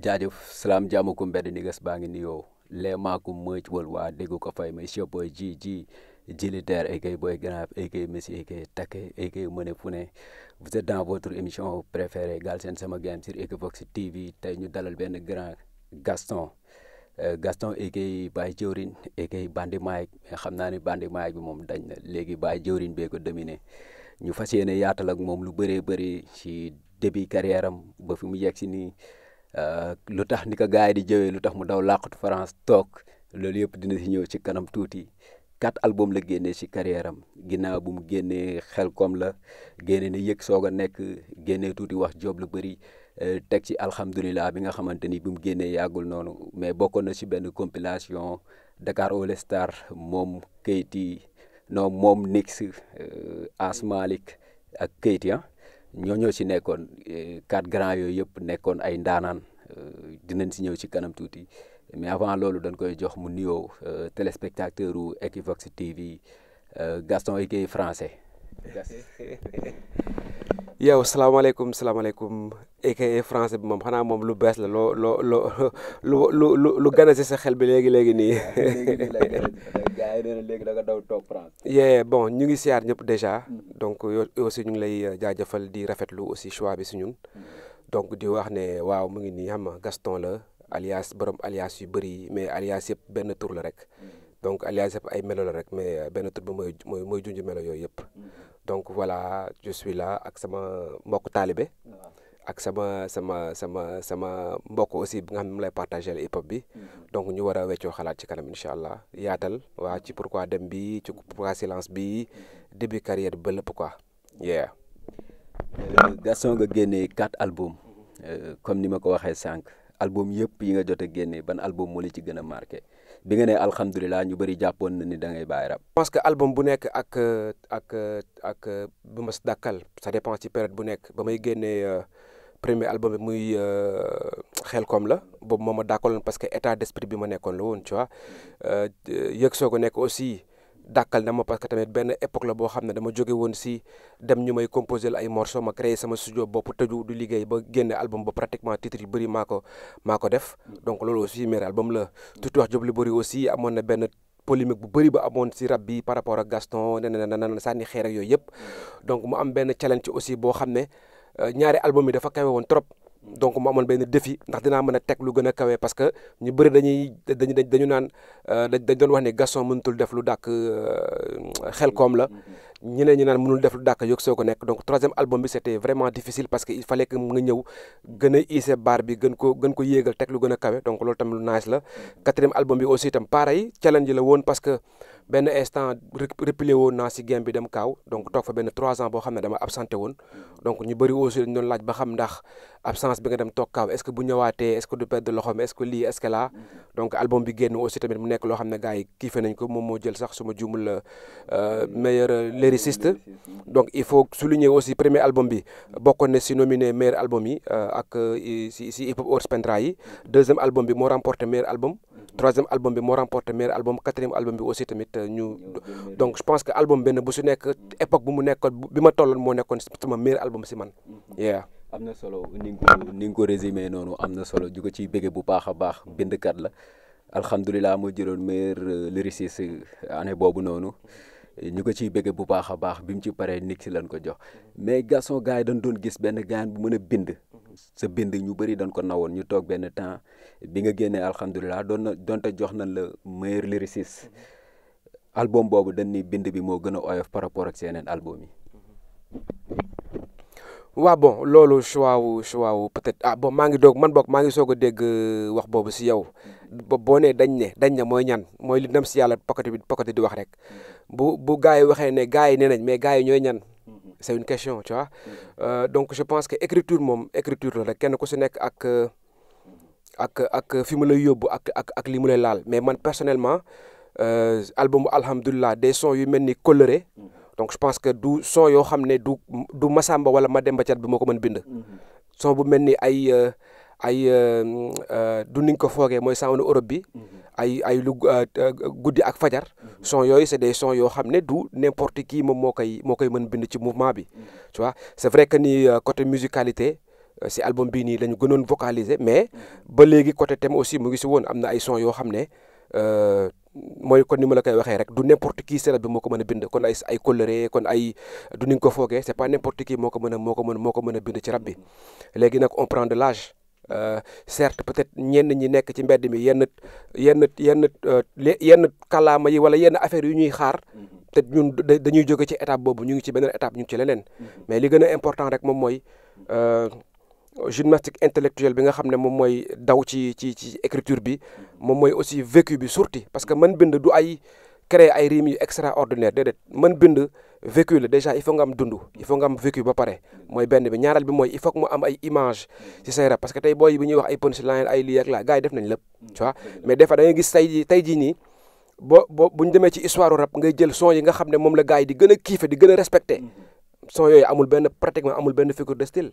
jaajëf salaam jaamu ko mbedd ni ges baa ngi nuyoo lee maaku mëc wal waa dégg ko fay may chef boy ji ji jilitaire akay boy grave akay messi akay takke akay mëne fu ne vous êtes dans votre émission préférée Galsen Sama Game sur Equivox TV tey ñu dalal benn grand Gaston euh, Gaston akay Baye Jëwrin akay Bandi Mike mais xam naa ni Bandi Mike bi moom dañ na léegi Baye Jëwrin bee ko dominé ñu fas yéene yaatal ak moom lu bëree bëri ci début carrière ba fi mu yegg si nii Euh, lu tax ni ko gars yi di jëwee lu tax mu daw làqatu France toog loolu yëpp dina si ñëw ci kanam tuuti quatre album la génnee si carrière am ginnaaw bu mu génnee xel koom la génne ni yëg soog a nekk génnee tuuti wax job lu bëri euh, teg ci alhamdulilah bi nga xamante ni bi mu génnee yàggul noonu mais bokkoon na si benn compilation Dakar All Star moom Keyti non moom Nix euh, Asmalik ak Keyti ya ah. ñoo ñoo ci nekkoon eh, quatre grands yooyu yëpp nekkoon ay ndaanaan eh, dinañ ci ñëw ci kanam tuuti mais avant loolu dañ koy jox mu nuyoo eh, téléspectateur u Equivox TV Gaston Guèye français. yow salaamaaleykum salaamaaleykum aka français bi moom xanaa moom lu bees la loo loo loo lu lu lu lu gën a si sa xel bi léegi léegi nii. léegi da toog France. yee bon ñu ngi siyaar ñëpp déjà. Mm-hmm. donc yow aussi ñu ngi lay euh, jaajëfal di rafetlu aussi choix bi si ñun. Mm-hmm. donc di wax ne waaw mu ngi nii xam nga Gaston la alias borom alias yu bëri mais alias yëpp benn tur la rek. Mm-hmm. donc alias yëpp ay melo la rek mais euh, benn tur bi mooy mooy mooy junj melo yooyu yëpp. donc voilà je suis ak sama mbokk taalibe ak sama sama sama sama mbokk aussi bi nga xam ne mu lay partagee hip hop bi mm-hmm. donc ñu war a xalaat ci kanam incha allah yaatal waa ci pourquoi dem bi ci pourquoi silence bi mm-hmm. début carrière ba lépp quoi yeah euh, Gaston nga génnee quatre albums euh, comme ni ma ko waxee cinq album yëpp yi nga jot a génne ban album moo la ci gën a marqué bi nga ne alhamdulilah ñu bëri jàppoon na ni dangay ngay bàyyi rab. parce album bu nekk ak ak ak bu ma si dàkkal ça dépend ci période bu nekk ba may génnee euh, premier album bi muy euh, xel koom la boobu moom ma dàkkaloon parce que état d'esprit bi ma nekkoon la woon coi vois euh, yëg soo ko nekk aussi. dàkkal na ma parce tamit benn époque la boo xam ne dama jóge woon si dem ñu may composer ay morceaux ma créé sama studio bopp tëju du liggéey ba génne album ba pratiquement titre yu bëri maa ko maa ko def donc loolu aussi mais album la tuuti wax jublu bëri aussi amoon na benn polémique bu bëri ba amoon si rab par rapport a Gaston nee na na sànni xeer ak yooyu yëpp donc mu am benn challenge aussi boo xam ne euh, ñaari album yi dafa kawe woon trop. donc mu amoon benn défi ndax dinaa mën a teg lu gën a kawe parce que ñu bëri dañuy dañu dañu naan euh, dañ doon wax ne Gaston mënutul def lu dàkk euh, Xelcom la ñeneen ñi naan mënul def lu dàkk yog soo nekk donc troisième album bi c'était vraiment difficile parce que il fallait que nga ñëw gën a ise baar bi gën ko gën ko yéegal teg lu gën a kawe donc loolu tamit lu nice la quatrième album bi aussi itam pareil challenge la woon parce que benn instant replié woon naa si game bi dem kaaw donc toog fa benn trois ans boo xam ne dama absenté woon donc ñu bëri aussi dañ doon laaj ba xam ndax absence bi nga dem toog kaaw est ce que bu ñëwaatee est ce que du perdre loxoom est ce que lii est ce que là donc album bi génn aussi tamit mu nekk loo xam ne gars yi kiife nañ ko moom moo jël sax suma juumul euh, meilleur euh, lyriciste donc il faut souligner aussi premier album bi bokkoon na si nominé meilleur album yi euh, ak si si hip hop hors pendra yi deuxième album bi moo remporté meilleur album troisième album bi moo remporté meilleur album quatrième album bi aussi tamit euh, ñu donc je pense que album benn bu su nekk époque bu mu nekkoon bi ma tolloon moo nekkoon sama meilleur album si man mhm. yeah am na solo ni nga ko ni nga ko résumé noonu am na solo ju ko ciy bu baax a baax bindkat la alhamdulilah moo jëloon meilleur euh, lyriciste euh, année boobu noonu ñu ko ci béggee bu baax a baax bi mu ci paree nit si lan ko jox mais garçon gars yi dañ doon gis benn gaan bu mën a bind mhm. sa bind ñu bëri dañ ko nawoon ñu toog benn temps bi nga génnee alhamdulilah doon na jox nañ la meilleur lyriciste album boobu dañ ni bind bi moo gën a oyof par rapport ak seeneen album yi. waa bon loolu choix wu choix wu peut-être ah bon maa ngi doog man boog maa ngi soog a dégg euh, wax boobu si yow ba boo nee dañ ne dañ ne mooy ñan mooy li dem si yàlla pokkati bi pokkati di wax rek bu bu gars yi waxee ne gars yi nee nañ mais gars yi ñooy ñan. c'est une question coa vois euh, donc je pense que écriture moom écriture la rek kenn ku si nekk ak. Euh, ak ak fi mu lay yóbbu ak ak ak li mu lay laal mais man personnellement euh, album alhamdulilah des sons yu mel ni coloré mhm. donc je pense que du son yoo xam ne du du Masamba wala Mademba Thiat bi moo ko mën bind. Mhm. son bu mel ni ay euh, ay euh, du ni ko foogee mooy sound Europe bi. Mhm. ay ay lu guddi ak fajar. son yooyu c'est des sons yoo xam ne du n'importe kii moom moo koy moo koy mën bind ci mouvement bi. tu vois c'est vrai que ni côté musicalité. Euh, si album bii nii la gënoon vocaliser mais ba léegi côté thème aussi mu ngi si woon am na ay son yoo xam ne euh, mooy kon ni ma la koy waxee rek du n'importe kii sera bi moo ko mën a bind kon ay ay coloré kon ay du ni ko foogee c'est pas n'importe kii moo ko mën a moo ko mën moo ko mën a bind ci rab bi léegi nag on prend de l'âge euh, certes peut-être ñenn ñi nekk ci mbedd mi yenn yenn yenn yenn kàllaama yi wala yenn affaire yu ñuy xaar te ñun dañuy jóge ci étape boobu ñu ngi ci beneen étape ñu ngi ci leneen mm-hmm. mais li gën a important rek moom mooy gymnastique intellectuelle bi nga xam ne moom mooy daw ci ci ci écriture bi moom mooy aussi vecu bi surtout parce que man bind du ay créer ay rimes yu extraordinaire déedéet man bind vécu la déjà il faut nga am dund il faut nga am vécu ba pare mooy benn bi ñaareel bi mooy il faut que mu am ay image ci say rap parce que tey booy bi ñuy wax ay punchline ay lii ak laa gars def nañ lépp tu vois mais des fois gis tey jii tey jii nii bo bo bu ñu demee ci histoire rap ngay jël son yi nga xam ne la gars yi di gën a kiife di gën a son yooyu amul benn pratiquement amul benn figure de style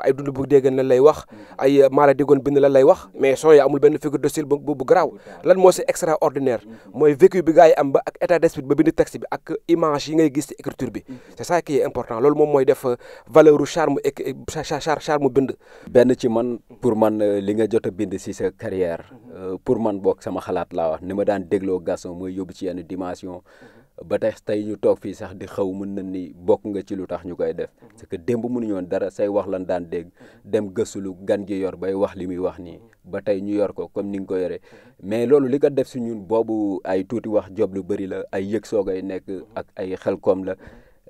ay dund bu déggan na lay wax mm. ay maala déggoon bind lan lay wax mm. mais son yooyu amul benn figure de style bu bu garaaw lan moo si extraordinaire mm. mooy vécu bi gars yi am ba ak état d'esprit ba bind texte bi ak image yi ngay gis si écriture bi c'est sa qui est important loolu moom mooy def euh, valeur u charme char charme bind benn ci man pour man euh, li nga jot a bind si sa carrière mm-hmm. euh, pour man boog sama xalaat laa wax ni ma daan dégloo mooy yóbbu ci yenn dimension mm-hmm. ba tey tey ñu toog fii sax di xaw mën na ni bokk nga ci lu tax ñu koy def parce mhm. que démb mënuñoon dara say wax lan daan dégg mhm. dem gëstu gan gi yor bay wax li muy wax nii mhm. ba tey ñu yor ko comme ni nga ko yoree mais loolu li ko def si ñun boobu ay tuuti wax job lu bëri la ay yëg soogay nekk ak ay xel koom la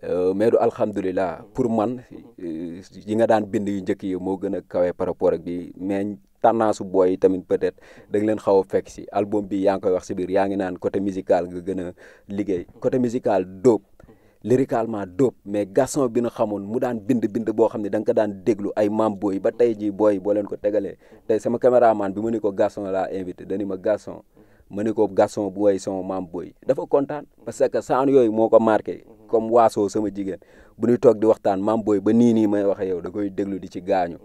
euh, mais du alhamdulilah pour man euh, yi nga daan bind yu njëkk yi moo gën a kawee par rapport ak bi mais tendance booy tamit peut-être xaw a fekk si album bi yaa ngi koy wax si biir yaa ngi naan côté musical nga gën liggéey côté musical dóob lyricalement dóob mais garçon bi nga xamoon mu daan bind bind boo xam ne danga ko daan déglu ay maam booy ba tey jii booy boo leen ko tegalee tey sama caméraman bi ma ni ko garçon laa invité dani ma garçon ma ni ko garçon bu way sama maam booy dafa kontaan parce que saan yooyu moo ko marqué comme waasoo sama jigéen bu ñuy toog di waxtaan maam booy ba nii nii may waxe yow da koy déglu di ci gaañu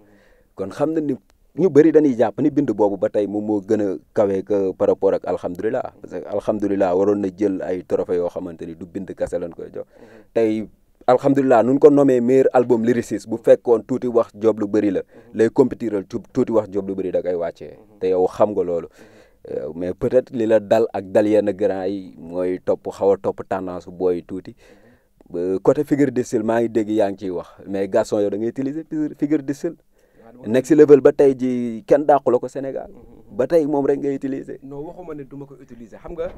ñu bëri dañuy jàpp ni bind boobu ba tey moom moo gën a kawe que par rapport ak alhamdulilah parce que alhamdulilah waroon na jël ay trophée yoo xamante ni du bind kese lañ koy jox tey alhamdulilah nu ñu ko nommé meilleur album lyriciste bu fekkoon tuuti wax job lu bëri la lay compétiral tuuti wax job lu bëri da koy wàccee te yow xam nga loolu euh, mais peut-être li la dal ak dal yenn grand yi mooy topp xaw a topp tendance booy tuuti euh, côté figure de style maa ngi dégg yaa ngi ciy wax mais garçon yow da ngay utiliser figure de nekk si level ba tey ji kenn dàqu la ko Sénégal mm-hmm. ba tey moom rek ngay utiliser. non waxuma ne du ma ko utiliser xam nga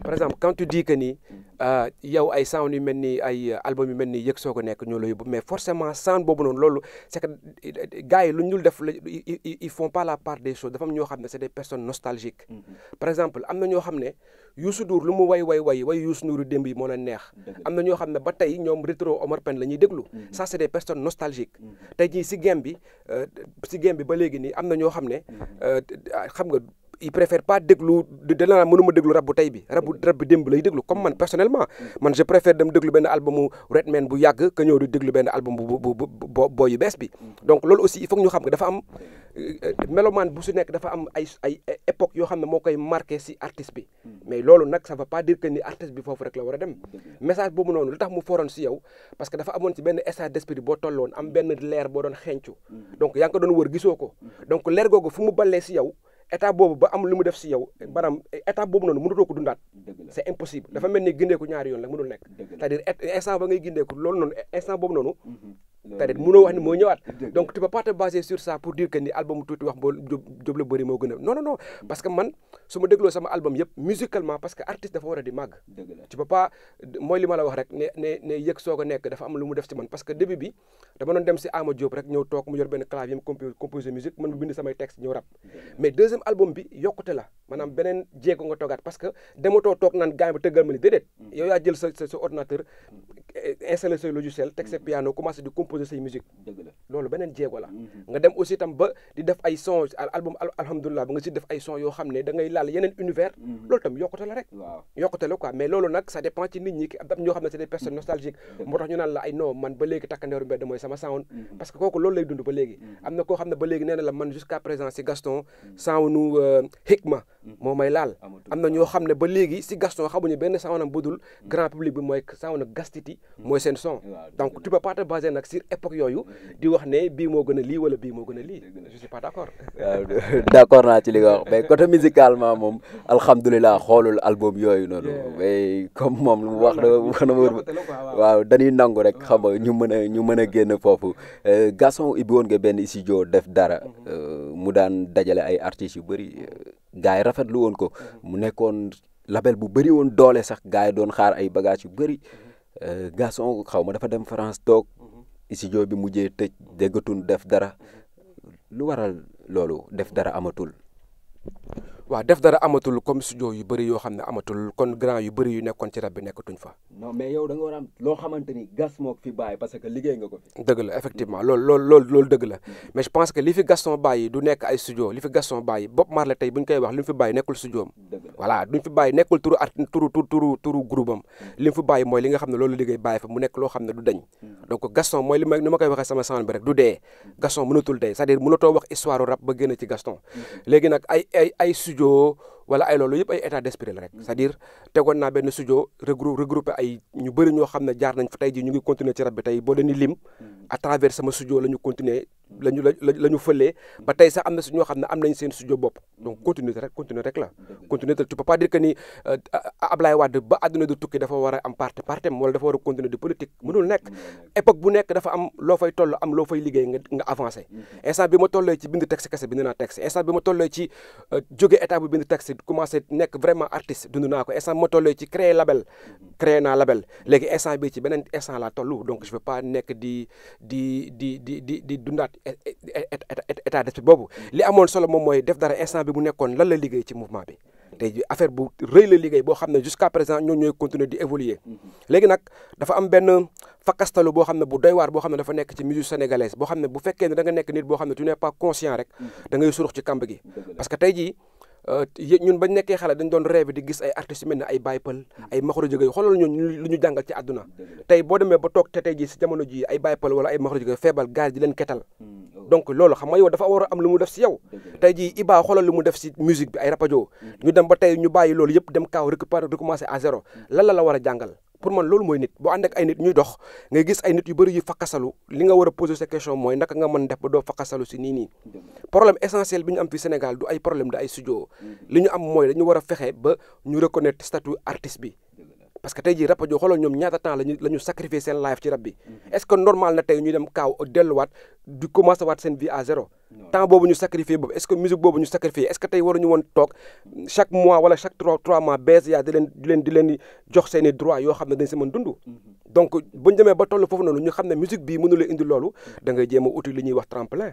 par exemple quand tu dis que ni euh, yow ay sound yu mel ni ay euh, album yu mel ni yëg soo ko nekk ñoo la yóbbu mais forcément sound boobu noonu loolu c' est que euh, gars yi lu ñu def la ils font la part des choses dafa am ñoo xam ne c' est des personnes mm-hmm. par exemple am na ñoo xam ne Youssou Ndour lu mu way way way way Youssou Ndour démb yi moo la neex. am na ñoo xam ne ba tey ñoom rétro Omar Pène la ñuy déglu. Mm-hmm. ça c' est des mm-hmm. tey jii si game bi si game bi ba léegi nii am na ñoo xam ne. xam nga il préfère pas déglu danaa mënuma déglu rab bu tey bi rab rab démb lay déglu comme man personnellement mm. man je préfère dem déglu benn albumu Redman bu yàgg que ñëw di déglu benn album bu bu bees bi mm. donc loolu aussi il faut ñu xam nga dafa am euh, melomaan bu su nekk dafa am ay ay époque yoo xam ne moo koy marqué si artiste bi mm. mais loolu nag sa veut pas dire que ni artiste bi foofu rek la war a dem message boobu noonu lu tax mu foroon si yow parce que dafa amoon si benn état d'esprit boo tolloon am benn leer boo doon xencu donc yaa ngi ko doon wër gisoo ko donc leer googu fu mu ballee si yow état boobu ba am lu mu def si yow maanaam état boobu noonu mënutoo ko dundaat c'est impossible dafa mel ni gindeeku ñaari yoon la mënul nekk c'est-à-dire instant ba ngay gindeeku loolu noonu instant boobu noonu mm-hmm. période mënoo wax ne moo ñëwaat donc tu peux te baser sur ça pour dire que ni album tuuti wax mbool jóob la bëri moo gën a non non non mm. parce que man su ma dégloo sama album yëpp musicalement parce que artiste dafa war a di màgg tu peux pas mooy li wax rek ne ne ne yëg soog nekk dafa am lu mu def ci man parce que début bi dama doon dem si Ama Diop rek ñëw toog mu yor benn clavier mu composé musique man mu bind samay texte ñëw rap mais deuxième bi yokkute la maanaam beneen jéego nga parce que dematoo toog naan gaañ ba tëggal ma ni déedéet mm. yow yaa installer say logiciel teg sa mm-hmm. piano commencé di composer say musique loolu beneen jéego la mm-hmm. nga dem aussi tam ba di def ay son album alhamdulilah ba nga si def ay son yoo xam ne da laal yeneen univers mm-hmm. loolu tam yokkute rek yokkute la mais loolu nag ça dépend ci nit ñi ki dam ñoo xam ne c'est des personnes nostalgiques moo tax ñu naan la ay non man ba léegi takkandeeru mbedd mooy sama sound parce que kooku loolu lay dund ba léegi am na koo xam ne ba léegi nee si Gaston soundu euh, Hikma moo may laal mooy seen son donc tu a pas te nag si époque yooyu di wax ne bii moo gën a lii wala bii moo gën a lii je suis pas accord waaw d' naa ci li nga wax mais côté musicalement moom alhamdulilah xoolul album yooyu noonu comme moom lu mu wax na wax na waaw dañuy nangu rek xam nga ñu mën a ñu mën a génn foofu euh, Gaston ibbi woon nga benn studio def dara mm-hmm. euh, mu daan dajale ay artistes yu bëri mm-hmm. euh, gars yi rafetlu woon ko mm-hmm. mu nekkoon label bu bëri woon doole sax gars yi doon xaar ay bagages yu bëri Euh, garçon xaw ma dafa dem France toog mhm. studio bi mujjee tëj mhm. déggatul def dara mhm. lu waral loolu def dara amatul waaw def dara amatul comme studio yu bëri yoo xam ne amatul kon grand yu bëri yu nekkoon ci rab bi nekkatuñ fa. non mais yow que liggéey nga ko fi. dëgg la effectivement loolu que li fi Gaston bàyyi du nekk ay studio li fi Gaston bàyyi Bob Marley tey bu ñu koy fi bàyyi nekkul mooy li nga xam ne loolu liggéey bàyyi fa mu nekk loo xam ne du dañ. Mm. donc Gaston mooy ma ni ma koy waxee sama dee mm. Gaston mënatul dee c'est-à-dire mënatoo wax histoire rap ba génn ci Gaston mm. léegi nag ay ay ay studio wala ay loolu yëpp ay état d'esprit la rek c'est-à-dire tegoon naa benn studio regrou ay ñu bëri ñoo xam ne jaar nañ fa tey ji ñu ngi continuer ci rab bi tey boo leen di lim hmm. à travers sama studio la ñu continuer la ñu la la ñu fëlee ba tey sax am na si ñoo xam ne am nañ seen studio bopp donc continuer rek continuer rek la continuer tu peux pas dire que ni euh, Ablaye Wade ba àdduna du tukki dafa war a am parti partem wala dafa war a continuer di politique mënul nekk époque bu nekk am loo fay toll am loo fay liggéey nga nga avancé hmm. instant bi ma tollee ci bind texte kese naa texte instant tollee ci euh, jóge état commencé nekk vraiment artiste dund naa ko instant ma tollee ci créer label créer naa label léegi instant bi ci beneen instant laa toll donc je veux pas nekk di di di di di dundaat état d'esprit boobu li amoon solo moom mooy def dara instant bi mu nekkoon lan la liggéey ci mouvement bi tey ji affaire bu rëy la liggéey boo xam ne jusqu'à présent ñoo ñooy continuer di évoluer mm-hmm. léegi nag dafa am benn fakastalu boo xam ne bu doy waar boo xam ne dafa nekk ci musique sénégalaise boo xam ne bu fekkee ne da nga nekk nit boo xam ne tu rek mm-hmm. da ngay surux ci kàmb gi Euh, ñun bañ nekkee xale dañ doon rêve di gis ay artistes yu mel ne ay Baye Pël ay Maxoro Jógay xoolal ñun lu ñu jàngal ci àdduna tey boo demee ba toog te tey ji si jamono ji ay Baye Pël wala ay Maxoro Jógay feebal gaz di leen ketal hmm, oh. donc loolu xam nga yow dafa war a am lu mu def si yow tey ji Iba xoolal lu mu def si musique bi ay rapajo hmm. ñu dem ba tey ñu bàyyi loolu yëpp dem kaaw récupérer recommencer à zéro hmm. lan la war a jàngal pour man loolu mooy nit boo ànd ak ay nit ñuy dox ngay gis ay nit yu bëri yu fakkasalu li nga war a poser sa question mooy naka nga mën def ba doo fakkasalu si nii nii problème essentiel bi ñu am fi Sénégal du ay problème de ay studio mm-hmm. li ñu am mooy dañu war a fexe ba ñu reconnaître statut artiste bi parce que tey jii rap joo xoolal ñoom ñaata temps lañu la ñu sacrifier seen life ci rap bi est ce que normal na tey ñu dem kaaw delluwaat di commencé waat seen vie à zéro temps boobu ñu sacrifier boobu est ce que musique boobu ñu sacrifier est ce que tey waruñu woon toog chaque mois wala chaque trois mois bees yaa di leen di leen di leen jox seen i droit yoo xam ne dañ si mën dund mm-hmm. donc buñu demee ba toll foofu noonu ñu xam ne musique bii mënu la indi loolu da ngay uti li ñuy wax tremplin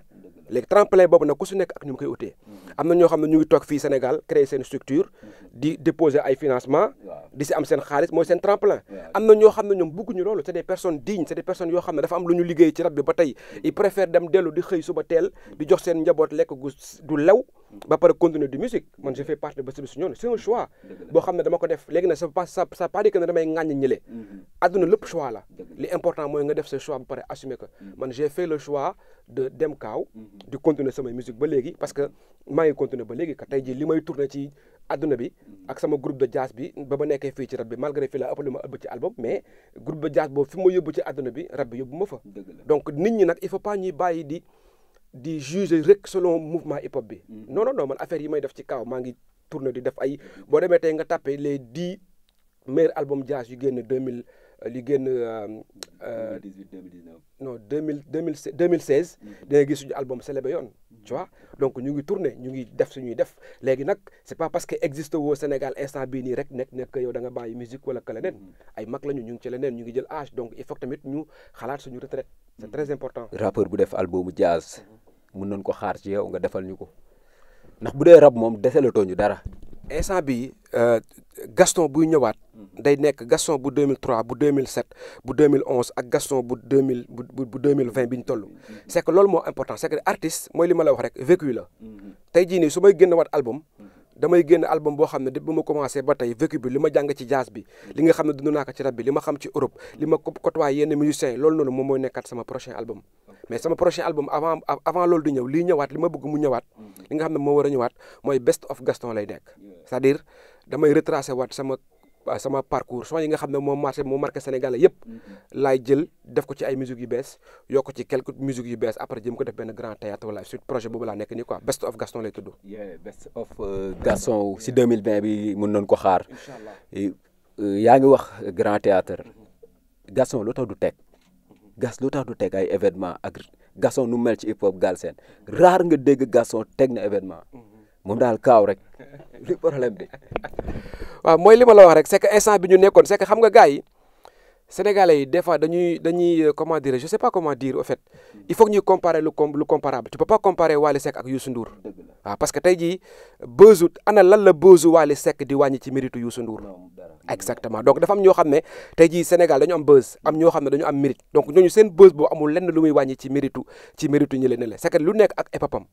léegi tremplin boobu nag ku si nekk ak ñu mu koy utee mm-hmm. am na ñoo xam ne ñu ngi toog fii Sénégal créer seen structure mm-hmm. di déposer ay financement di si am seen xaalis mooy seen tremplin am na ñoo xam ne ñoom bëgguñu loolu c'est des personnes dignes c'est des personnes yoo xam ne dafa am lu ñu liggéey ci rab bi ba tey mm-hmm. ils préfèrent dem dellu di xëy suba teel di jox seen njaboot lekk gu du lew ba pare continuer di musique man je fais partie de Bës xam ne dama ko def léegi nag ça pas la important mooy nga def ce choix ba pare assumer que man dem kaaw di continuer samay musique ba léegi parce que maa ngi continuer ba léegi que tey jii limay may ci àdduna bi ak sama groupe de jazz bi ba ba nekkee fii ci rab bi malgré fii la ëpp lu ma album mais groupe de jazz boobu fi ma bi rab bi yóbbu ma fa donc ñi nag il faut di di juger rek selon mouvement hip bi mm. non non non affaire yi may def ci kaw maa ngi tourner di def ay boo demee tey nga tàppee les dix meilleurs albums jazz yu génn deux mille li génn. 2018 euh, 2019. Euh, non mille deux mille deux mille seize. Mm-hmm. da ngay gis suñu album Selebe Yoon. tu vois mm-hmm. donc ñu ngi tourné ñu ngi def suñuy def léegi nag c'est pas parce que existe woo Sénégal instant bi nii rek nekk nekk yow danga nga bàyyi musique wala a leneen mm-hmm. ay mag lañu ñu ngi ci leneen ñu ngi jël âge donc il faut tamit ñu xalaat suñu retraite c'est très important. rappeur bu def albumu jazz mun nañ ko xaar ci yow nga defal ñu ko ndax bu dee rap moom deselatoo tooñu dara. instant bi euh, Gaston buy ñëwaat. day nekk Gaston bu 2003 bu 2007 bu 2011 ak Gaston bu 2000 bu bu 2020 bi ñu loolu moo important c' est que artiste mooy li ma la wax rek vécu la. tey jii nii su may génn waat album. damay génn album boo xam ne depuis ba ma commencé ba tey vécu bi li ma jàng ci jazz bi li nga xam ne dund naa ko ci rab bi li ma xam ci Europe li ma côtoyé yenn musiciens yi loolu noonu moom mooy nekkaat sama prochain album. mais sama prochain album avant loolu di ñëw lii ñëwaat li ma bëgg mu ñëwaat. li nga xam ne moo a ñëwaat mooy best of Gaston lay nekk. c'est-à-dire sama sama parcours son yi nga xam ne moo marché moo marqué Sénégal yëpp mm-hmm. laay jël def ko ci ay musiques yu bees yokk ci quelques musiques yu bees après jëm ko def benn grand théâtre wala suite projet boobu laa nekk nii quoi best of Gaston lay tudd. best of euh, Gaston si 2020 bi mën nañu ko xaar. Euh, yaa ngi wax grand théâtre mm-hmm. Gaston loo tax du teg mm-hmm. gas loo tax du teg ay événement ak Gaston nu mel ci hip hop Galsen rare nga dégg Gaston teg na événement. moom daal kaaw rek li problème bi waaw mooy li ma la wax rek c'est que instant bi ñu nekkoon c'est xam nga gars yi Sénégalais yi des fois dañuy dañuy euh, comment dire je sais pas comment lu com lu comparable tu peux pas comparer que tey jii buzzu ana lan la buzzu Wally Seck di wàññi ci méritu Youssou Ndour. exactement donc dafa ñoo xam ne tey jii Sénégal dañu am buzz am ñoo xam ne dañu am mérite donc ñooñu seen buzz boobu amul lenn lu muy wàññi ci méritu ci méritu ñi leen lu nekk ak épopam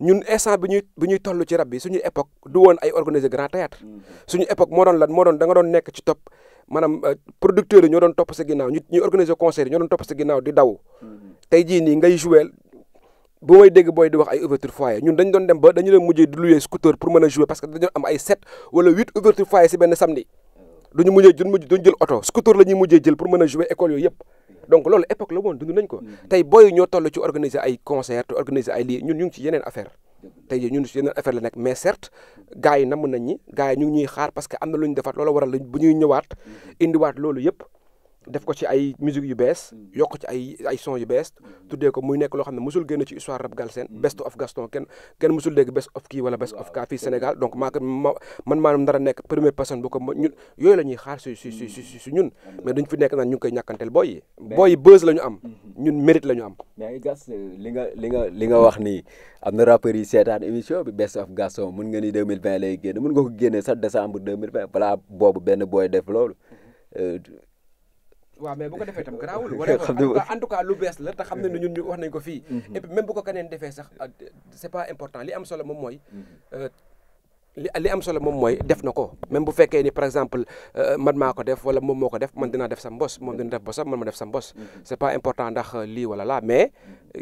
ñun instant bi ñuy bi toll ci rab bi suñu époque du woon ay organiser grand théâtre mm-hmm. suñu époque moo doon la moo doon danga doon nekk ci top maanaam euh, producteurs yi ñoo doon topp sa ginnaaw ñu ñuy organiser concert yi ñoo doon topp sa ginnaaw di daw mm-hmm. tey jii nii ngay jouer bu may dégg booy di wax ay ouverture foyer ñun dañ doon dem ba dañu leen mujjee di louer scooter pour mën a jouer parce que dañu am ay sept wala huit ouverture foyer si benn samedi oh. duñu jël oto scooter la ñuy mujjee jël pour mën a jouer école yooyu yëpp donc loolu époque la woon dund nañ ko mm-hmm. tey booy ñoo toll ci organiser ay concert organiser ñu ngi ci yeneen affaire tey jii ñun si yeneen affaire la nekk mais certes gars yi namm nañ ñi gars yi ñu ñuy xaar parce que am na lu ñu defaat loola waral bu ñuy ñëwaat mm-hmm. indiwaat loolu yëpp def ko ci ay musique yu bees mm. yokk ci ay ay son yu bees mm. tuddee ko muy nekk loo xam ne mosul génn ci histoire rap Galsen mm. best of Gaston kenn kenn mosul dégg best of kii wala best of kaa fii Sénégal donc maa ko ma man maanaam nar a nekk première personne bu ko ñun yooyu la ñuy xaar si si si si si ñun mais duñ fi nekk naan ñu ngi koy ñàkkanteel booy yi booy yi buzz la ñu am mm-hmm. ñun mérite la ñu am mais gas euh, li nga li nga li nga wax nii am na rappeurs yi seetaan émission bi best of Gaston mun nga ni 2020 lay génn mun nga ko génnee sax décembre 2020 balaa boobu benn booy def loolu mm-hmm. euh, waaw mais bu ko defee itam garaawul wala en tout cas lu bees la te xam ne ñun ñu wax nañ ko fii mhm. et puis même bu ko keneen defee sax ah, c'est pas important li am solo moom mooy mhm. euh, li li am solo moom mooy def na ko même bu fekkee ni par exemple euh, man maa ko def wala moom moo ko def man dinaa def sa mbos moom dina def bosam man ma def sa mbos mhm. c'est pas important ndax euh, lii wala laa mais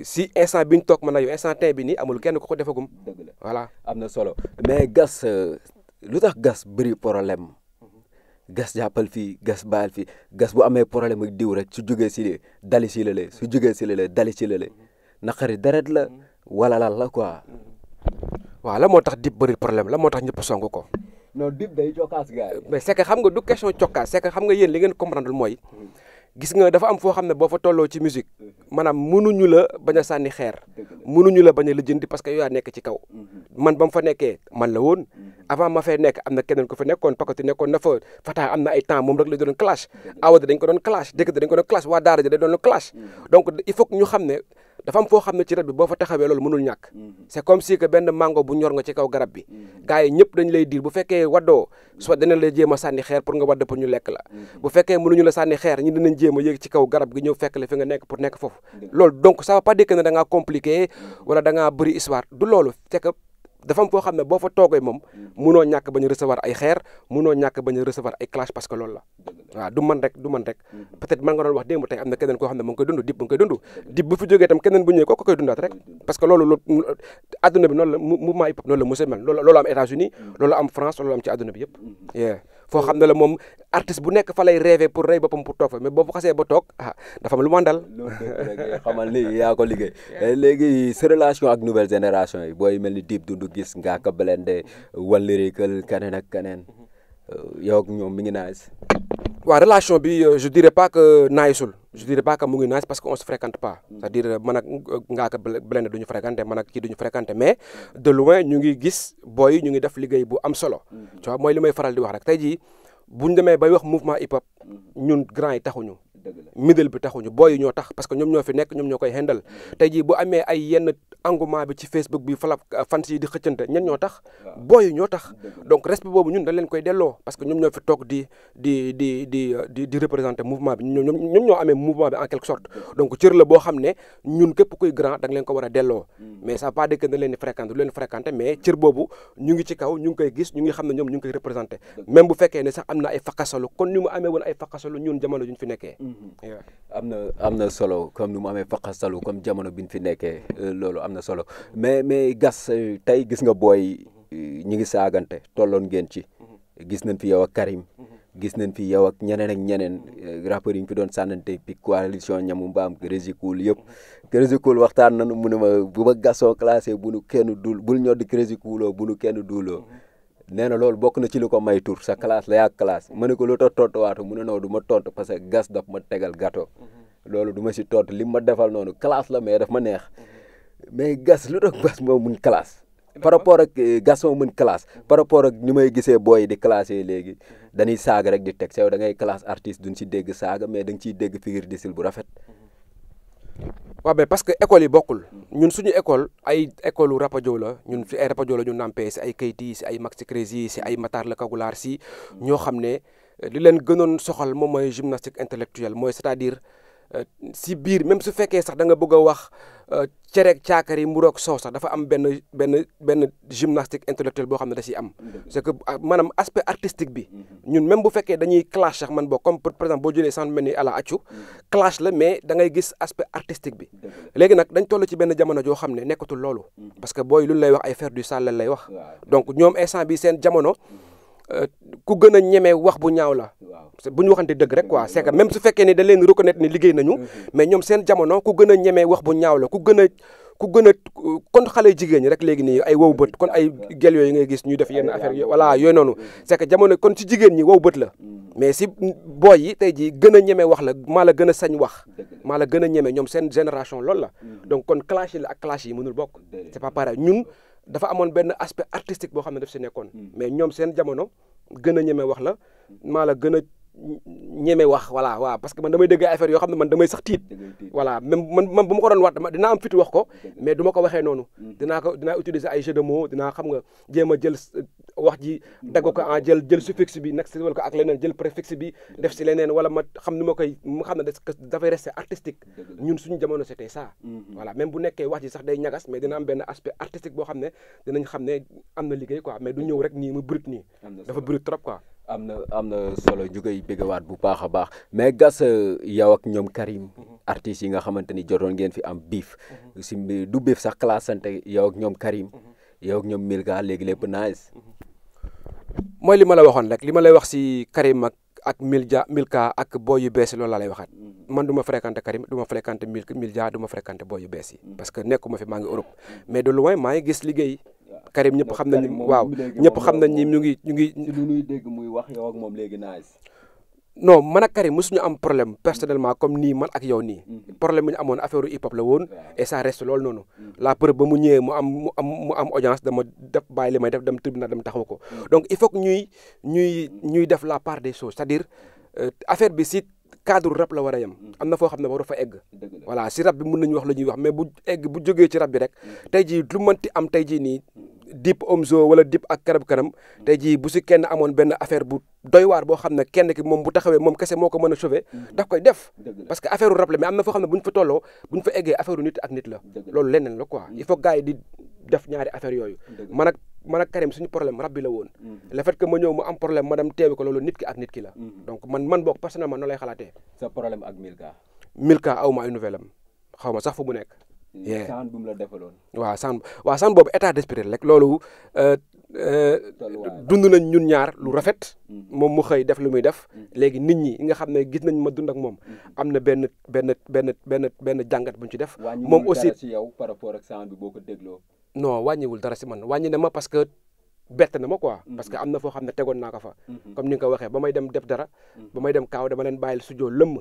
si instant bi ñu toog mën na yow instant tey bi nii amul kenn ko ko defagum voilà am na solo mais gas lu tax gas bëri problème gas jàppal fi gas baal fii gas bu amee problème ak diw rek su jugee si lee dali si la lee su jugee si la lee dali si la lee naqari deret la wala lan la quoi. waaw la moo tax dib bëri problème la moo tax ñëpp song ko. non dib day cokkaas gars yi mais c'est xam nga du question cokkaas c'est que xam nga yéen li ngeen comprendre mooy. Hmm. gis nga dafa am foo xam ne boo fa tolloo ci musique maanaam mënuñu la bañ a sànni xeer mënuñu la bañ a lijjanti parce que yow yaa nekk ci kaw man ba mu fa nekkee man la woon avant ma fay nekk am na keneen ko fa nekkoon pakati nekkoon na fa fataa am na ay temps moom rek la doon clash awade dañ ko doon clash dëkk dañ ko doon clash waa daara dañ doon clash donc il faut que ñu xam ne dafa am foo xam ne ci rab bi boo fa taxawee loolu mënul ñàkk mm-hmm. c'est comme si que benn mango bu ñor nga ci kaw garab bi mm-hmm. gars yi ñëpp dañ lay diir bu fekkee waddoo mm-hmm. soo danañ la jéem a sànni xeer pour nga wadd pour ñu lekk la bu fekkee mënuñu la sànni xeer ñi dinañ jéem a yéeg ci kaw garab gi ñëw fekk la fi nga nekk pour nekk foofu loolu donc sa va pas dire que ne da ngaa compliqué wala da bëri histoire du loolu c'est dafa am foo xam ne boo fa toogee moom munoo ñàkk bañ a recevoir ay xeer munoo ñàkk bañ a recevoir ay clash parce que loolu la waaw du man rek du man rek mm-hmm. peut man nga doon wax démb tey am na keneen koo xam ne mu ngi koy dund dib mu ngi koy dund dib bu fi jógee tam keneen bu ñëwee kooku koy dundaat rek mm-hmm. parce que loolu loolu bi noonu la mouvement hip hop noonu la mos a mel loolu am États-Unis mm-hmm. loolu am France loolu am ci adduna bi yëpp foo xam ne la moom artiste bu nekk fa lay rêvé pour rey boppam pour toog fa mais boo ko xasee ba toog ah dafa am lu ma dal. xamal ni yaa ko liggéey eh, léegi sa relation ak nouvelle génération yi booy mel ni Dip gis Guiss Ngaaka Blindé One Lyrical keneen ak keneen mhm. yow ak ñoom mi ngi relation bi euh, je dirais pas que naayisul. je dirais pas que mu ngi nice parce que on se fréquente pas cest dire man ak Ngaaka Blindé duñu fréquenté man ak kii ñu fréquenté mais de loin ñu ngi gis booy ñu ngi def liggéey bu am solo tu vois mooy li may faral di wax rek tey jii buñ demee bay wax mouvement hip hop ñun grand yi taxuñu middle bi taxu taxuñu booy ñoo tax parce que ñoom ñoo fi nekk ñoom ñoo koy handal mm. te jii bu amee ay yenn engouement bi ci Facebook bi fala euh, fans yi di xëccante ñoo tax booy ñoo tax donc respect boobu ñun dañ leen koy delloo parce que ñoom ñoo toog di di di di euh, di ñoom ñoom boo xam ne ñun képp kuy grand da a delloo mm. mais ça pas dire que dañ leen di du leen fréquenter mais cër boobu ñu ngi ci kaw ñu ngi koy gis ñu ngi xam ne ñoom ñu ngi koy représenter même bu fekkee ne sax am na ay fakasalu kon ni mu amee woon ay fakasalu ñun jamono juñ fi nekkee mm. am na am na solo comme ni mu amee faqastalu comme jamono bi ñu fi nekkee euh, loolu am na solo mais mais gas euh, tey gis nga booy euh, ñi ngi saagante tolloon ngeen ci gis nañ fi yow ak Karim gis nañ fi yow ak ñeneen ak ñeneen rappeurs yi fi doon sànnante bi coalition ñamu mbaam Crésicool yëpp Crésicool waxtaan nañu mu ne ma bu ma gasoo classé bu nu kenn dul bul ñoddi Crésicooloo bu nu kenn duuloo nee na loolu bokk na ci lu ko may tur sa classe la yàgg classe mm-hmm. ma ne ko lu tax tontuwaatu mu ne non du ma tontu parce que gas daf ma tegal gâteau mm-hmm. loolu duma si tontu li ma defal noonu classe la mais daf ma neex mm-hmm. mais gas lu tax gas moo mun classe. par rapport ak eh, gas moo mun classe. par rapport ak ñu may gisee booy di classé léegi dañuy saaga rek di teg sew da ngay classe artiste duñ si dégg saaga mais da nga ciy dégg figure di style bu rafet. waaw parce que école yi bokkul ñun suñu école ay école Rapadio la ñun fi la ñu nampee si ay Keyti si ay Maxi Crési si ay Matar la Kagulaar si ñoo xam ne euh, li leen gënoon soxal moom mooy gymnastique intellectuelle mooy c'est-à-dire euh, si biir même su fekkee sax da nga bëgg a wax cereeg caakar yi mburoog soow sax dafa am benn benn benn gymnastique intellectuelle boo xam ne da ciy am c'est que ah, maanaam aspect artistique bi ñun même bu fekkee dañuy clash sax man boo comme par exemple boo jëlee sant mel ni àla accu clash la mais da ngay gis aspect artistique bi léegi nag dañ toll ci benn jamono joo xam ne nekkatul loolu parce que booy lu lay wax ay faire du sale lay wax donc ñoom instant bi seen jamono Euh, ku gën a ñeme wax bu ñaaw la bu ñu waxante dëgg rek waa c'est que même su fekkee ni da leen reconnaître ni liggéey nañu mm-hmm. mais ñoom seen jamono ku gën a wax bu ñaaw la ku gën a ku gën a kon xale jigéen ñi rek léegi nii ay wow bët kon ay gel yooyu ngay gis ñuy def yenn affaire voilà yooyu noonu mm-hmm. c'est que jamono kon ci jigéen ñi wow bët la mm-hmm. mais si booy yi tey jii gën a ñeme wax la maa la gën a sañ wax maa la gën a ñeme ñoom seen génération loolu la donc kon clash yi la ak clash yi mënul bokk c'est pas ñun dafa amoon benn aspect artistique boo xam ne daf si nekkoon. Hmm. mais ñoom seen jamono gën a ñeme wax la hmm. maa la gën a ñeme wax voilà waaw parce que man damay dëgg affaire yoo xam ne man damay sax tiit voilà même man man bu ma ko doon wax dinaa am fit wax ko mais duma ko waxee noonu mm. dinaa ko dinaa utiliser ay jeu moo mots xam nga jéem jël euh, wax ji mm. dagg ko en jël jël suffixe bi nag siwal ko ak leneen jël préfixe bi def si leneen wala ma xam ni ma koy mu xam ne dafay rester artistique ñun suñu jamono c'était ça mm-hmm. voilà même bu nekkee wax ji sax day ñagas mais dina am benn aspect artistique boo xam ne dinañ xam ne am na liggéey ko mais du ñëw rek nii mu brut nii dafa brut trop quoi am na am na solo ñu koy bëggawaat bu baax a baax mais gas yow ñoom Karim mhm. artistes yi nga xamante ni jotoon ngeen fi am biif mhm. si du biif sax classante yow ak ñoom Karim mhm. yow ñoom Milka léegi lépp nice mooy li ma la waxoon rek li ma lay wax si Karim ak ak Milja Milka ak booy yu bees yi loolu laa lay waxaat man du ma fréquenté Karim du ma fréquenté Milja du ma fréquenté yu bees yi parce que nekkuma fi maa ngi Europe mais de loin maa ngi gis liggéey Karim ñëpp xam nañu waaw ñëpp xam na ni ñu ngi ñu ngi. lu ñuy dégg muy wax yow moom léegi nice. no man ak Karim suñu am problème personnellement comme nii man ak yow nii. Mm-hmm. problème bi ñu amoon affaire hip hop la woon. et ça reste loolu noonu. Mm-hmm. la preuve ba mu ñëwee mu am mu am mu am audience dama def bàyyi li may def dem tribunal dem taxaw ko. Mm-hmm. donc il faut que ñuy ñuy def la part des choses cest à euh, affaire bi cadre rab la war a yam mm. am na foo xam ne waru fa egg voilà si rab bi mën nañu wax la ñuy wax mais bu egg bu jógee ci rab bi rek mm. tey jii lu ti am tey jii nii mm. dipp om omzo wala dip ak karab kanam tey ji bu si kenn amoon benn affaire bu doy waar boo xam ne kenn ki moom bu taxawee moom kese moo ko mën a sauver daf koy def parce que affaire rab la mais am na foo xam ne bu ñu fa tolloo bu ñu fa eggee nit ak nit la loolu leneen la quoi il faut gars di def ñaari affaire yooyu man ak man ak Karim suñu problème rab bi la woon. Mm-hmm. le fait que ma ñëw mu am problème ma dem teewi ko loolu nit ki ak nit ki la. Mm-hmm. donc man man boog personnellement noo lay xalaatee. sa problème ak Milka. Milka aw ma ay nouvelle am xaw ma sax fu mu nekk. Mm-hmm. yee saan bu mu la defaloon. waaw saan waaw saan boobu état d'esprit rek loolu. Euh, euh, dund nañ ñun ñaar lu rafet. moom mu xëy def lu muy def. léegi nit ñi nga xam ne gis nañ ma dund ak moom. am na benn benn benn benn benn jàngat bu ñu ci def. moom aussi wàññi yow par rapport ak saan boo ko dégloo. non wàññiwul dara si man wàññi na ma parce que bett na ma quoi. Mm-hmm. parce que am na foo xam ne tegoon naa ko fa. Mm-hmm. comme ni nga ko waxee ba may dem def dara. Mm-hmm. ba may dem kaaw dama leen bàyyil studio lëmm.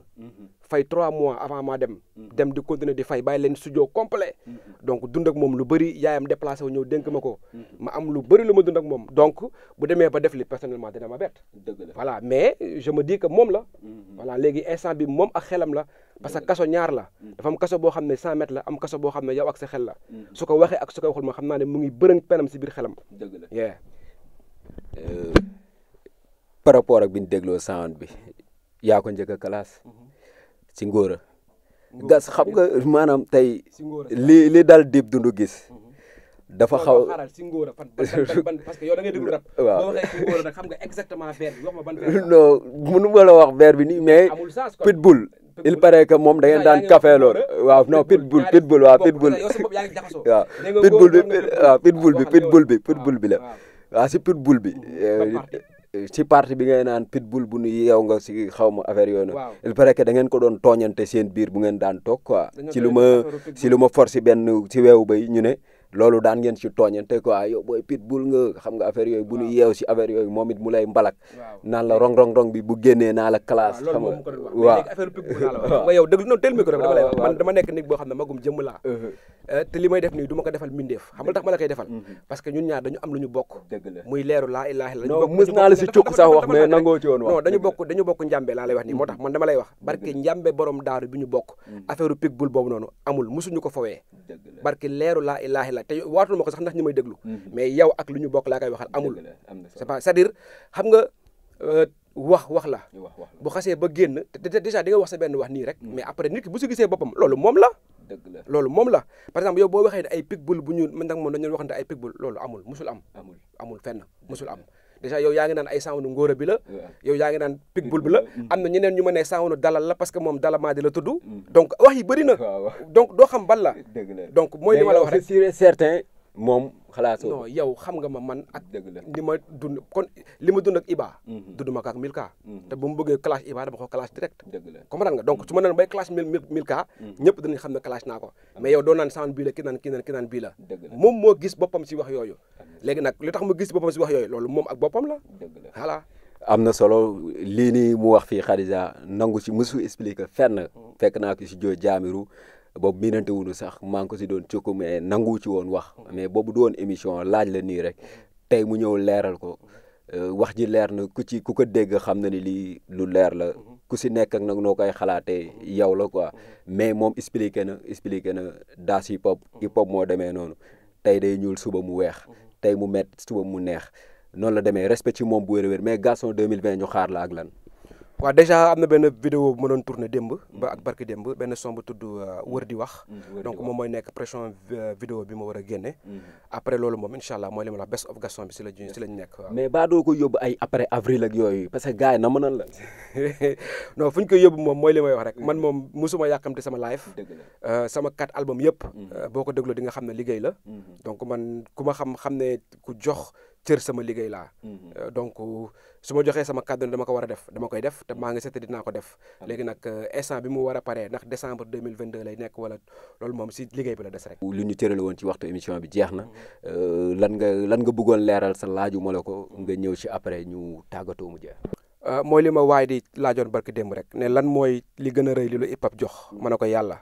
fay trois mois avant maa dem. dem di continuer di fay bàyyi leen studio complet donc dund ak moom lu bëri yaayam déplacé wu ñëw denk ma ko. ma am lu bëri lu ma dund moom donc bu demee ba def li personnellement dina ma bett. dëgg la voilà mais je me dis que moom la. voilà léegi instant bi moom ak xelam la. parce que kaso ñaar la mm. dafa am kaso boo xam ne cent mètres la am kaso boo xam ne yow ak sa xel la mm. su ko waxee ak su waxul ma xam naa ne mu ngi bërëng penam si biir xelam dëgg la euh, par rapport ak bi ñu dégloo sound bi yaa ko njëkk a classe ci mm-hmm. gas xam nga maanaam tey li li dal Dip Doundou Guiss mm-hmm. dafa xaw xaaral si ngóora fan ban parce que yow da ngay nga exactement wax ma bi nii mais pitbull il paraît que moom da ngeen daan café lool waaw non pitbull pitbull waaw pitbull waaw pitbull bi waaw pitbull bi pitbull bi bi la waaw si pitbull bi eh, eh, si parti bi ngay naan pitbull bu nu yeew nga si xaw ma affaire yooyu nag il paraît que da ngeen ko doon tooñante seen biir bu ngeen daan toog quoi ci lu ma si lu ma force benn si weewu bay ñu ne loolu daan ngeen ci tooñante quoi yow booy pitbull nga xam nga affaire yooyu bu ñu yeew si affaire yooyu moom it mu lay mbalak naan la rong rong rong bi bu génnee naa la classe xam nga waaw affaire pitbull naa la yow déglu nekk nit boo xam ne magum jëmm laa uh-huh. eh, te li may def nii du ko defal mbindeef xam nga tax ma la koy defal uh-huh. parce que ñun ñaar dañu am lu ñu bokk muy leeru laa ilaaha illallaa mës naa la si cukk sax wax mais nangoo ci woon wax non dañu bokk dañu bokk laa lay wax nii moo tax man dama lay wax barke njàmbe borom daaru bi ñu bokk mm. affaire pitbull boobu noonu amul musuñu ko fawee barke leeru laa ilaaha la te waatul ma ko sax ndax ñu may déglu mhm. mais yow ak lu ñu bokk laa koy waxal amul c'est pas c'est-à-dire xam nga euh, wax wax la bu xasee ba génn déjà di nga wax sa benn wax nii rek mhm. mais après nit ki bu si gisee boppam loolu moom la loolu moom la par exemple yow boo waxee ne ay pitbull bu ñu man nag moom wax waxante ay pitbull loolu amul musul am amul fenn musul am déjà yow yaa ngi naan ay sanwanu ngóora bi la yow yaa ngi naan pitbull bi la mm. am na ñeneen ñu ma ne sanwanu dalal la parce que moom dala maa la tudd mm. donc wax yi bëri na donc doo xam ban la donc mooy li ma la wax rek certain moom xalaatoo non yow xam nga ma man ak. dëgg la li ma dund kon li ma dund ak Iba. Mhm. dund ma ko ak Milka. Mhm. te bu mu bëggee clash Iba dama ko clash direct. dëgg la nga donc su ma nee bay clash mil Milka. Mhm. ñëpp dinañ xam na clash naa ko. mais yow doo naan saan bii la ki naan ki naan la. moom moo gis boppam si wax yooyu. léegi nag li tax mu gis boppam si wax yooyu loolu moom ak boppam la. dëgg am na solo lii ni mu wax fii Khadija nangu si ci mësu fen na fekk naa ki si joo jaamiru boobu miinante wuñu sax maa ngi ko si doon cukku mais nangu ci woon wax mais boobu du woon émission laaj la nii rek tey mu ñëw leeral ko euh, wax ji leer na ku ci ku ko dégg xam na ni lii lu leer la ku si nekk ak nag noo koy xalaatee yow la quoi mais moom expliqué na expliqué na daas hip hop hip hop moo demee noonu tey day ñuul suba mu weex tey mu mett suba mu neex noonu la demee respect ci moom bu wér-wér mais ñu xaar la ak lan waaw déjà am na benn vidéo bu ma doon tourné démb ba mm-hmm. ak barki démb benn son bu tudd euh, wër di wax mm-hmm, donc moom mooy nekk pression euh, vidéo bi ma war a génne mm-hmm. après loolu moom incha allah mooy li ma la best of Gaston bi si la si lañ nekk waaw mais baa doo ko yóbbu ay après avril ak yooyu parce que gars yi na mënal la non fu ñu koy yóbbu moom mooy li may wax rek man moom musuma yàkkamte sama live euh, sama quatre album yëpp boo ko dégloo di nga xam ne liggéey la donc man ku ma xam xam ne ku jox cër sama liggéey laa donc su ma joxee sama kàddu dama ko war a def dama koy def te maa ngi seet dinaa ko def léegi nag euh, instant bi mu war a paree ndax décembre 2022 lay nekk wala loolu moom si liggéey bi la des rek lu ñu tëral woon ci waxtu émission bi jeex na mm. euh, lan nga lan nga bëggoon leeral sa laaju ma la ko nga ñëw ci après ñu tàggatoo mu jeex euh, mooy li ma waaye di laajoon barki démb rek ne lan mooy li gën a rëy li lu hip hop jox mën na ko yàlla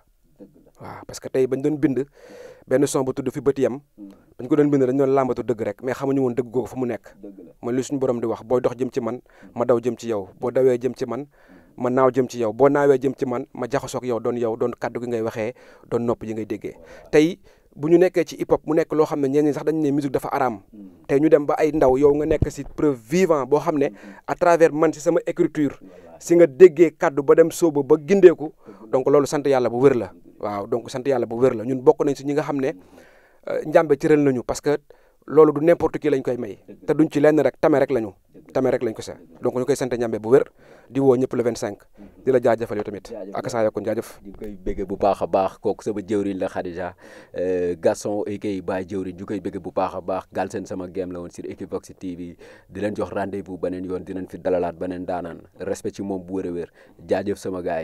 waaw parce que tey bañ doon bind mm. benn son bu tudd fi bët yam hmm. dañ ko doon bind dañ doon làmbatu dëgg rek mais xamuñu woon dëgg googu fu mu nekk man li suñu borom di wax booy dox jëm ci man hmm. ma daw jëm ci yow boo dawee jëm ci man ma naaw jëm ci yow boo naawee jëm ci man ma jaxasoog yow doon yow doon kaddu gi ngay waxee doon nopp yi ngay déggee tey bu ñu nekkee ci hip hop mu nekk loo xam ne ñenn ñi sax dañ ne musique dafa araam hmm. tey ñu dem ba ay ndaw yow nga nekk si preuve vivant boo xam ne à travers man si sama écriture si nga déggee kaddu ba dem sóobu ba gindeeku donc loolu sant yàlla bu wér la waaw donc sant yàlla bu wér la ñun bokk nañ si ñi nga xam ne euh, njàmbe cëral nañu parce que loolu du n'importe qui lañ koy may te duñ ci lenn rek tame rek lañu tame rek lañ ko sa donc ñu koy sant njàmbe bu wër di woo ñëpp le 25 di la jaajëfal yow tamit ak saa yokku jaajëf di koy bëgg bu baax a baax kooku sama jëwriñ la Khadija euh, Gaston ékay ba jëwriñ ñu koy bëgg bu baax a baax Galsen sama game la woon sur Equivox TV di leen jox rendez-vous beneen yoon dinañ fi dalalaat beneen daanaan respect ci moom bu wér a wér jaajëf sama gaay